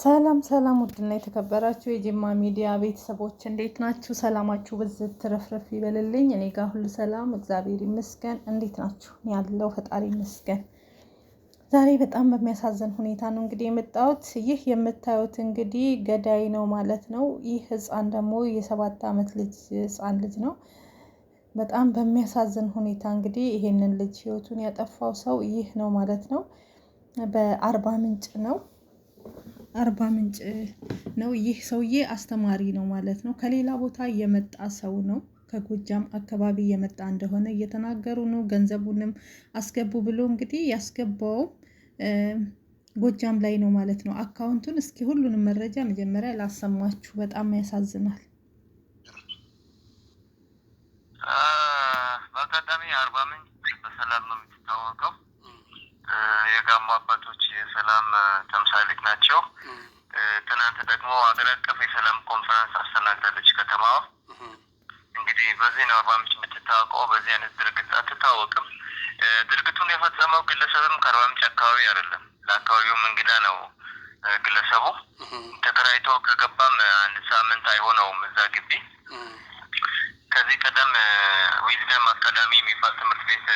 ሰላም ሰላም፣ ውድና የተከበራችሁ የጅማ ሚዲያ ቤተሰቦች እንዴት ናችሁ? ሰላማችሁ ብዝት ትረፍረፍ ይበልልኝ። እኔ ጋር ሁሉ ሰላም እግዚአብሔር ይመስገን። እንዴት ናችሁ? ያለው ፈጣሪ ይመስገን። ዛሬ በጣም በሚያሳዝን ሁኔታ ነው እንግዲህ የመጣሁት። ይህ የምታዩት እንግዲህ ገዳይ ነው ማለት ነው። ይህ ህፃን ደግሞ የሰባት ዓመት ልጅ ህፃን ልጅ ነው። በጣም በሚያሳዝን ሁኔታ እንግዲህ ይሄንን ልጅ ህይወቱን ያጠፋው ሰው ይህ ነው ማለት ነው። በአርባ ምንጭ ነው አርባ ምንጭ ነው። ይህ ሰውዬ አስተማሪ ነው ማለት ነው። ከሌላ ቦታ የመጣ ሰው ነው። ከጎጃም አካባቢ የመጣ እንደሆነ እየተናገሩ ነው። ገንዘቡንም አስገቡ ብሎ እንግዲህ ያስገባውም ጎጃም ላይ ነው ማለት ነው። አካውንቱን እስኪ ሁሉንም መረጃ መጀመሪያ ላሰማችሁ። በጣም ያሳዝናል። በአጋጣሚ አርባ ምንጭ በሰላም ነው የምትታወቀው የጋሞ አባቶች የሰላም ተምሳሌት ናቸው። ትናንት ደግሞ ሀገር አቀፍ የሰላም ኮንፈረንስ አስተናግዳለች ከተማዋ። እንግዲህ በዚህ ነው አርባ ምንጭ የምትታወቀው። በዚህ አይነት ድርግት አትታወቅም። ድርግቱን የፈጸመው ግለሰብም ከአርባ ምንጭ አካባቢ አይደለም፣ ለአካባቢውም እንግዳ ነው። ግለሰቡ ተከራይቶ ከገባም አንድ ሳምንት አይሆነውም እዛ ግቢ ከዚህ ቀደም ዊዝደም አካዳሚ የሚባል ትምህርት ቤት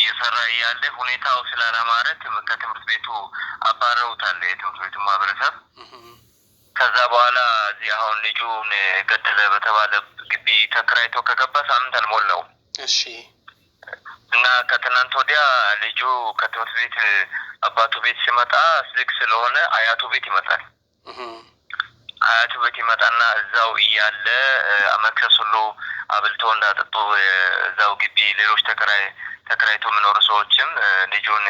እየሰራ እያለ ሁኔታው ስላላማረት ከትምህርት ቤቱ አባረውታል የትምህርት ቤቱ ማህበረሰብ። ከዛ በኋላ እዚህ አሁን ልጁን ገደለ በተባለ ግቢ ተከራይቶ ከገባ ሳምንት አልሞላው እሺ። እና ከትናንት ወዲያ ልጁ ከትምህርት ቤት አባቱ ቤት ሲመጣ ስልክ ስለሆነ አያቱ ቤት ይመጣል አያቱ ቤት ይመጣና እዛው እያለ መክሰስ ሁሉ አብልቶ እንዳጠጡ እዛው ግቢ ሌሎች ተከራይ ተከራይቶ የሚኖሩ ሰዎችም ልጁን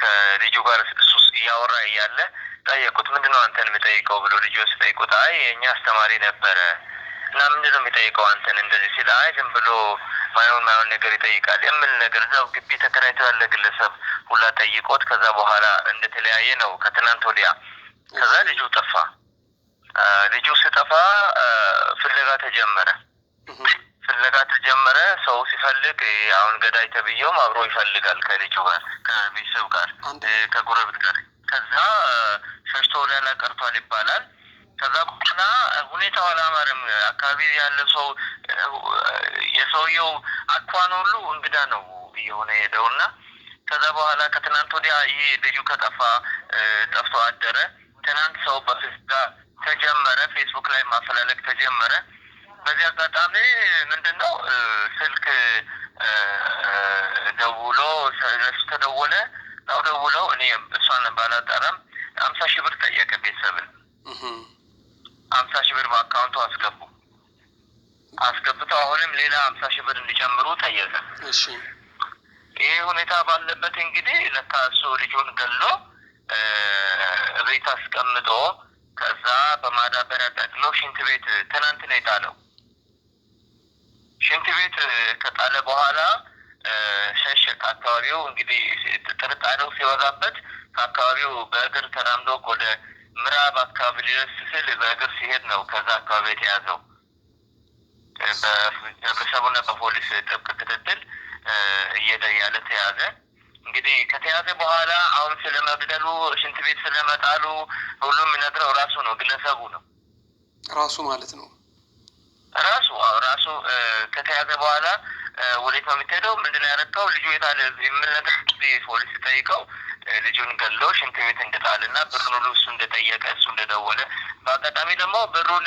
ከልጁ ጋር ሱስ እያወራ እያለ ጠየቁት። ምንድነው አንተን የሚጠይቀው ብሎ ልጁን ስጠይቁት፣ አይ የእኛ አስተማሪ ነበረ እና ምንድነው የሚጠይቀው አንተን እንደዚህ ሲል፣ አይ ዝም ብሎ ማይሆን ማይሆን ነገር ይጠይቃል የምል ነገር እዛው ግቢ ተከራይቶ ያለ ግለሰብ ሁላ ጠይቆት፣ ከዛ በኋላ እንደተለያየ ነው ከትናንት ወዲያ። ከዛ ልጁ ጠፋ። ልጁ ስጠፋ ፍለጋ ተጀመረ። ፍለጋ ተጀመረ። ሰው ሲፈልግ አሁን ገዳይ ተብዬውም አብሮ ይፈልጋል ከልጁ ጋር፣ ከቤተሰብ ጋር፣ ከጉረቤት ጋር። ከዛ ሸሽቶ ወዲያና ቀርቷል ይባላል። ከዛ በኋላ ሁኔታው አላማረም። አካባቢ ያለ ሰው የሰውየው አኳን ሁሉ እንግዳ ነው እየሆነ ሄደው ሄደውና ከዛ በኋላ ከትናንት ወዲያ ይሄ ልጁ ከጠፋ ጠፍቶ አደረ። ትናንት ሰው በፍጋ ተጀመረ፣ ፌስቡክ ላይ ማፈላለግ ተጀመረ። በዚህ አጋጣሚ ምንድን ነው ስልክ ደውሎ ለሱ ተደወለ ው ደውለው እኔ እሷን ባላጠረም አምሳ ሺህ ብር ጠየቀ ቤተሰብን አምሳ ሺህ ብር በአካውንቱ አስገቡ አስገብተው አሁንም ሌላ አምሳ ሺህ ብር እንዲጨምሩ ጠየቀ። ይህ ሁኔታ ባለበት እንግዲህ ለካ እሱ ልጁን ገሎ ቤት አስቀምጦ ከዛ በማዳበሪያ ጠቅሎ ሽንት ቤት ትናንት ነው የጣለው። ሽንት ቤት ከጣለ በኋላ ሸሽ ከአካባቢው እንግዲህ ጥርጣሬው ሲበዛበት ከአካባቢው በእግር ተራምዶ ወደ ምዕራብ አካባቢ ሊደርስ ስል በእግር ሲሄድ ነው ከዛ አካባቢ የተያዘው። በህብረተሰቡና በፖሊስ ጥብቅ ክትትል እየደያለ ተያዘ። እንግዲህ ከተያዘ በኋላ አሁን ስለ ሽንት ቤት ስለመጣሉ ሁሉም የሚነግረው ራሱ ነው፣ ግለሰቡ ነው ራሱ ማለት ነው። ራሱ ራሱ ከተያዘ በኋላ ወዴት ነው የምትሄደው? ምንድን ነው ያረካው? ልጁ የታለ? የምን ነገር ፖሊስ ጠይቀው ልጁን ገለው ሽንት ቤት እንድጣል እና ብሩን ሁሉ እሱ እንደጠየቀ እሱ እንደደወለ በአጋጣሚ ደግሞ ብሩን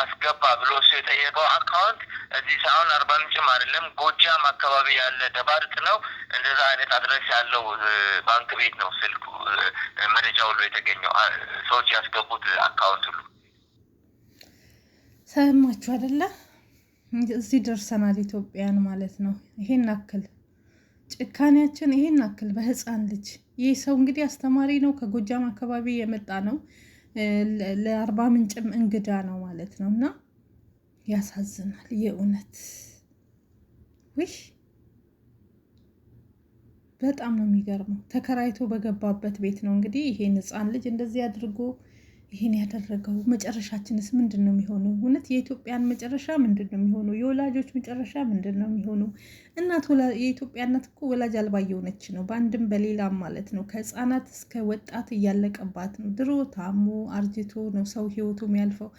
አስገባ ብሎ እሱ የጠየቀው አካውንት እዚህ ሳሁን አርባ ምንጭም አይደለም ጎጃም አካባቢ ያለ ደባርቅ ነው። እንደዛ አይነት አድረስ ያለው ባንክ ቤት ነው ስልኩ መረጃ ሁሉ የተገኘው ሰዎች ያስገቡት አካውንት ሁሉ ሰማችሁ አይደለ? እዚህ ደርሰናል ኢትዮጵያን ማለት ነው። ይሄን አክል ጭካኔያችን፣ ይሄን አክል በህፃን ልጅ። ይህ ሰው እንግዲህ አስተማሪ ነው፣ ከጎጃም አካባቢ የመጣ ነው፣ ለአርባ ምንጭም እንግዳ ነው ማለት ነው እና ያሳዝናል። የእውነት ውይ! በጣም ነው የሚገርመው። ተከራይቶ በገባበት ቤት ነው እንግዲህ ይሄን ህፃን ልጅ እንደዚህ አድርጎ ይህን ያደረገው መጨረሻችንስ ምንድን ነው የሚሆነው? እውነት የኢትዮጵያን መጨረሻ ምንድን ነው የሚሆነው? የወላጆች መጨረሻ ምንድን ነው የሚሆነው? እናት የኢትዮጵያ እናት እኮ ወላጅ አልባ የሆነች ነው፣ በአንድም በሌላም ማለት ነው። ከህፃናት እስከ ወጣት እያለቀባት ነው። ድሮ ታሞ አርጅቶ ነው ሰው ህይወቱ የሚያልፈው።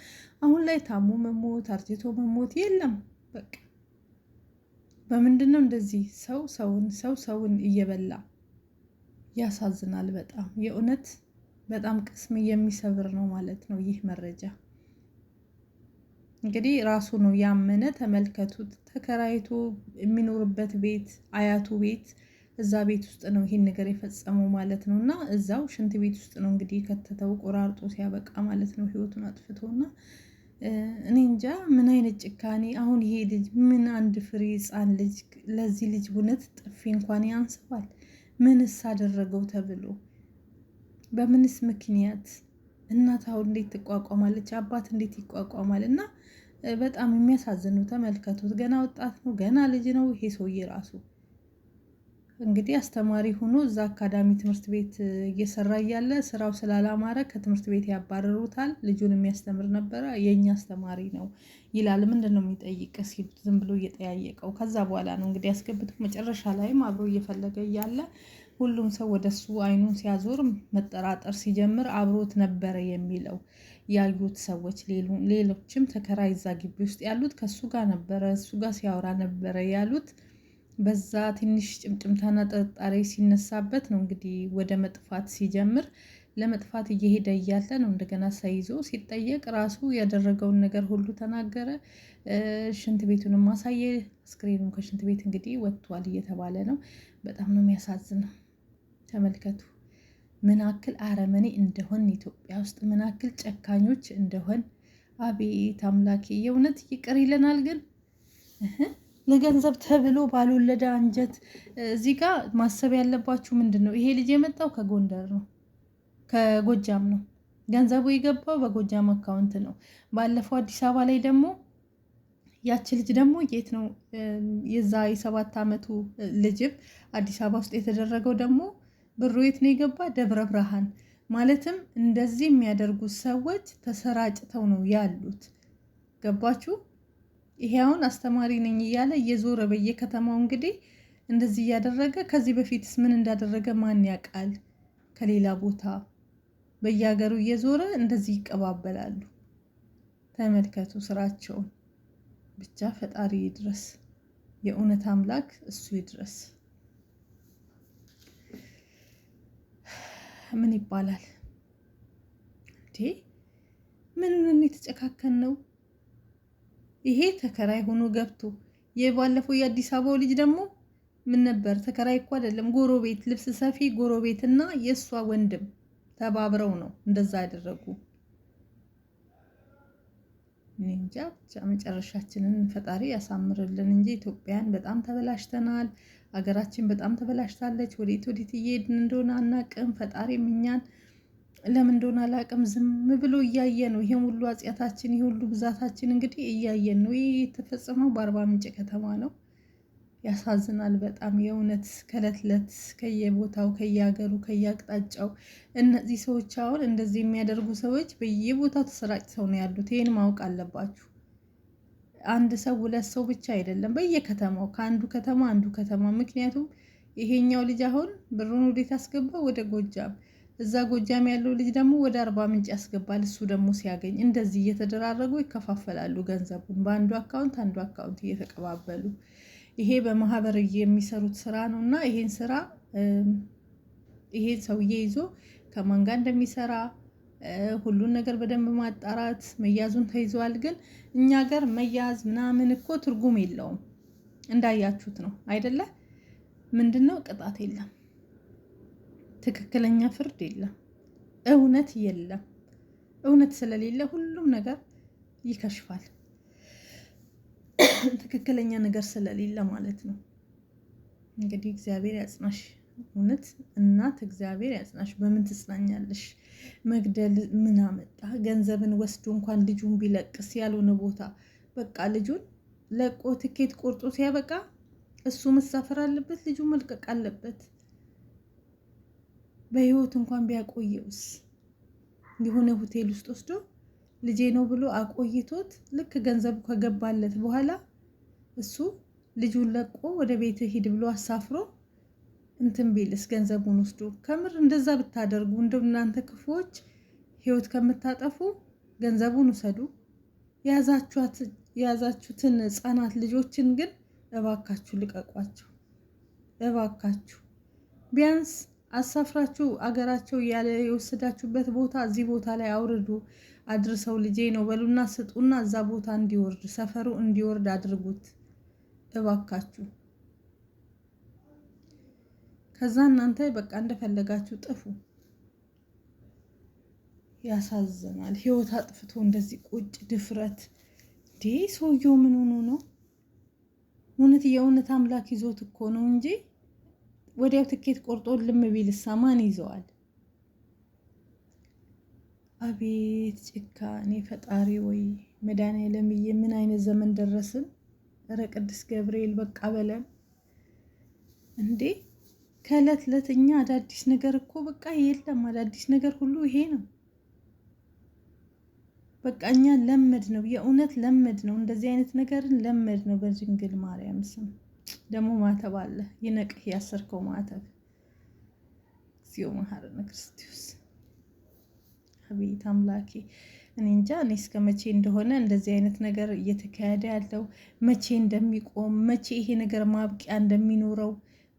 አሁን ላይ ታሞ መሞት፣ አርጅቶ መሞት የለም በቃ። በምንድን ነው እንደዚህ ሰው ሰውን ሰው ሰውን እየበላ ያሳዝናል በጣም የእውነት በጣም ቅስም የሚሰብር ነው ማለት ነው ይህ መረጃ። እንግዲህ ራሱ ነው ያመነ። ተመልከቱት። ተከራይቶ የሚኖርበት ቤት አያቱ ቤት እዛ ቤት ውስጥ ነው ይህን ነገር የፈጸመው ማለት ነው። እና እዛው ሽንት ቤት ውስጥ ነው እንግዲህ ከተተው ቆራርጦ ሲያበቃ ማለት ነው ህይወቱን አጥፍቶ እና እኔ እንጃ ምን አይነት ጭካኔ። አሁን ይሄ ልጅ ምን አንድ ፍሬ ህፃን ልጅ ለዚህ ልጅ እውነት ጥፊ እንኳን ያንስባል። ምንስ አደረገው ተብሎ በምንስ ምክንያት እናት አሁን እንዴት ትቋቋማለች? አባት እንዴት ይቋቋማል? እና በጣም የሚያሳዝን ተመልከቱት፣ ገና ወጣት ነው፣ ገና ልጅ ነው። ይሄ ሰውዬ ራሱ እንግዲህ አስተማሪ ሆኖ እዛ አካዳሚ ትምህርት ቤት እየሰራ እያለ ስራው ስላላማረ ከትምህርት ቤት ያባረሩታል። ልጁን የሚያስተምር ነበረ። የእኛ አስተማሪ ነው ይላል። ምንድን ነው የሚጠይቅ ሲሉት ዝም ብሎ እየጠያየቀው ከዛ በኋላ ነው እንግዲህ ያስገብተው መጨረሻ ላይም አብሮ እየፈለገ እያለ ሁሉም ሰው ወደሱ አይኑን ሲያዞር መጠራጠር ሲጀምር አብሮት ነበረ የሚለው ያዩት ሰዎች ሌሎችም ተከራይ እዛ ግቢ ውስጥ ያሉት ከሱ ጋር ነበረ፣ እሱ ጋር ሲያወራ ነበረ ያሉት። በዛ ትንሽ ጭምጭምታና ጥርጣሬ ሲነሳበት ነው እንግዲህ ወደ መጥፋት ሲጀምር። ለመጥፋት እየሄደ እያለ ነው እንደገና ሰይዞ ሲጠየቅ ራሱ ያደረገውን ነገር ሁሉ ተናገረ። ሽንት ቤቱንም ማሳየ፣ አስክሬኑም ከሽንት ቤት እንግዲህ ወጥቷል እየተባለ ነው። በጣም ነው የሚያሳዝነው። ተመልከቱ ምን አረመኔ እንደሆን፣ ኢትዮጵያ ውስጥ ምን ጨካኞች እንደሆን። አቤት አምላኬ የእውነት ይቅር ይለናል። ግን ለገንዘብ ተብሎ ባልወለደ አንጀት። እዚህ ጋ ማሰብ ያለባችሁ ምንድን ነው? ይሄ ልጅ የመጣው ከጎንደር ነው፣ ከጎጃም ነው። ገንዘቡ የገባው በጎጃም አካውንት ነው። ባለፈው አዲስ አበባ ላይ ደግሞ ያቺ ልጅ ደግሞ የት ነው የዛ የሰባት ዓመቱ ልጅም አዲስ አበባ ውስጥ የተደረገው ደግሞ ብሩ የት ነው የገባ? ደብረ ብርሃን። ማለትም እንደዚህ የሚያደርጉ ሰዎች ተሰራጭተው ነው ያሉት። ገባችሁ? ይሄ አሁን አስተማሪ ነኝ እያለ እየዞረ በየከተማው እንግዲህ እንደዚህ እያደረገ ከዚህ በፊትስ ምን እንዳደረገ ማን ያውቃል? ከሌላ ቦታ በየሀገሩ እየዞረ እንደዚህ ይቀባበላሉ። ተመልከቱ ስራቸውን። ብቻ ፈጣሪ ይድረስ፣ የእውነት አምላክ እሱ ይድረስ። ምን ይባላል እንዴ? ምንን የተጨካከን ነው ይሄ ተከራይ ሆኖ ገብቶ የባለፈው የአዲስ አበባው ልጅ ደግሞ ምን ነበር? ተከራይ እኮ አይደለም ጎረቤት፣ ልብስ ሰፊ ጎረቤት እና የእሷ ወንድም ተባብረው ነው እንደዛ ያደረጉ። እንጃ ብቻ መጨረሻችንን ፈጣሪ ያሳምርልን እንጂ ኢትዮጵያን በጣም ተበላሽተናል። አገራችን በጣም ተበላሽታለች። ወዴት ወዴት እየሄድን እንደሆነ አናቅም። ፈጣሪም እኛን ለምን እንደሆነ አላቅም ዝም ብሎ እያየ ነው። ይሄን ሁሉ አጽያታችን፣ ይሄ ሁሉ ብዛታችን እንግዲህ እያየን ነው። ይህ የተፈጸመው በአርባ ምንጭ ከተማ ነው። ያሳዝናል በጣም የእውነት ከእለት እለት ከየቦታው ከየሀገሩ ከየአቅጣጫው እነዚህ ሰዎች አሁን እንደዚህ የሚያደርጉ ሰዎች በየቦታው ተሰራጭተው ነው ያሉት። ይህን ማወቅ አለባችሁ። አንድ ሰው ሁለት ሰው ብቻ አይደለም፣ በየከተማው ከአንዱ ከተማ አንዱ ከተማ። ምክንያቱም ይሄኛው ልጅ አሁን ብሩን ወዴት አስገባ? ወደ ጎጃም። እዛ ጎጃም ያለው ልጅ ደግሞ ወደ አርባ ምንጭ ያስገባል። እሱ ደግሞ ሲያገኝ እንደዚህ እየተደራረጉ ይከፋፈላሉ ገንዘቡን፣ በአንዱ አካውንት አንዱ አካውንት እየተቀባበሉ። ይሄ በማህበር የሚሰሩት ስራ ነው እና ይሄን ስራ ይሄን ሰውዬ ይዞ ከማን ጋር እንደሚሰራ ሁሉን ነገር በደንብ ማጣራት መያዙን ተይዘዋል። ግን እኛ ጋር መያዝ ምናምን እኮ ትርጉም የለውም። እንዳያችሁት ነው አይደለ? ምንድን ነው ቅጣት የለም፣ ትክክለኛ ፍርድ የለም፣ እውነት የለም። እውነት ስለሌለ ሁሉም ነገር ይከሽፋል። ትክክለኛ ነገር ስለሌለ ማለት ነው። እንግዲህ እግዚአብሔር ያጽናሽ። እውነት እናት እግዚአብሔር ያጽናሽ። በምን ትጽናኛለሽ? መግደል ምን አመጣ? ገንዘብን ወስዶ እንኳን ልጁን ቢለቅስ ያልሆነ ቦታ በቃ ልጁን ለቆ ትኬት ቆርጦ ሲያበቃ እሱ መሳፈር አለበት፣ ልጁ መልቀቅ አለበት። በህይወት እንኳን ቢያቆየውስ የሆነ ሆቴል ውስጥ ወስዶ ልጄ ነው ብሎ አቆይቶት ልክ ገንዘቡ ከገባለት በኋላ እሱ ልጁን ለቆ ወደ ቤት ሂድ ብሎ አሳፍሮ እንትን ቢልስ ገንዘቡን ውስዱ። ከምር እንደዛ ብታደርጉ እንደ እናንተ ክፉዎች ህይወት ከምታጠፉ ገንዘቡን ውሰዱ። የያዛችሁትን ህጻናት ልጆችን ግን እባካችሁ ልቀቋቸው። እባካችሁ ቢያንስ አሳፍራችሁ አገራቸው እያለ የወሰዳችሁበት ቦታ እዚህ ቦታ ላይ አውርዱ፣ አድርሰው ልጄ ነው በሉና ስጡና እዛ ቦታ እንዲወርድ ሰፈሩ እንዲወርድ አድርጉት እባካችሁ። ከዛ እናንተ በቃ እንደፈለጋችሁ ጥፉ። ያሳዝናል። ህይወት አጥፍቶ እንደዚህ ቁጭ ድፍረት ዴ ሰውየው ምን ሆኖ ነው? እውነት የእውነት አምላክ ይዞት እኮ ነው እንጂ ወዲያው ትኬት ቆርጦ ልም ቢልሳ ማን ይዘዋል? አቤት ጭካኔ ፈጣሪ ወይ መድኃኒዓለምዬ፣ ምን አይነት ዘመን ደረስን? እረ ቅዱስ ገብርኤል በቃ በለን እንዴ! ከእለት እለት እኛ አዳዲስ ነገር እኮ በቃ የለም። አዳዲስ ነገር ሁሉ ይሄ ነው። በቃ እኛ ለመድ ነው፣ የእውነት ለመድ ነው። እንደዚህ አይነት ነገርን ለመድ ነው። በድንግል ማርያም ስም ደግሞ ማተብ አለ። ይነቅህ ያሰርከው ማተብ እግዚኦ መሐረነ ክርስቶስ። አቤት አምላኬ። እኔ እንጃ እኔ እስከ መቼ እንደሆነ እንደዚህ አይነት ነገር እየተካሄደ ያለው መቼ እንደሚቆም መቼ ይሄ ነገር ማብቂያ እንደሚኖረው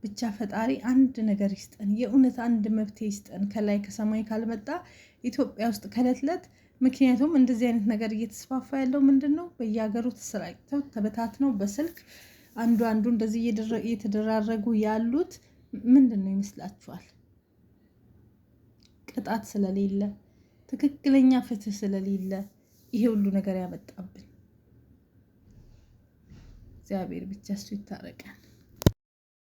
ብቻ ፈጣሪ አንድ ነገር ይስጠን፣ የእውነት አንድ መብት ይስጠን ከላይ ከሰማይ ካልመጣ ኢትዮጵያ ውስጥ ከዕለት ዕለት። ምክንያቱም እንደዚህ አይነት ነገር እየተስፋፋ ያለው ምንድን ነው? በየሀገሩ ተሰራጭተው ተበታትነው በስልክ አንዱ አንዱ እንደዚህ እየተደራረጉ ያሉት ምንድን ነው ይመስላችኋል? ቅጣት ስለሌለ ትክክለኛ ፍትህ ስለሌለ ይሄ ሁሉ ነገር ያመጣብን። እግዚአብሔር ብቻ እሱ ይታረቃል?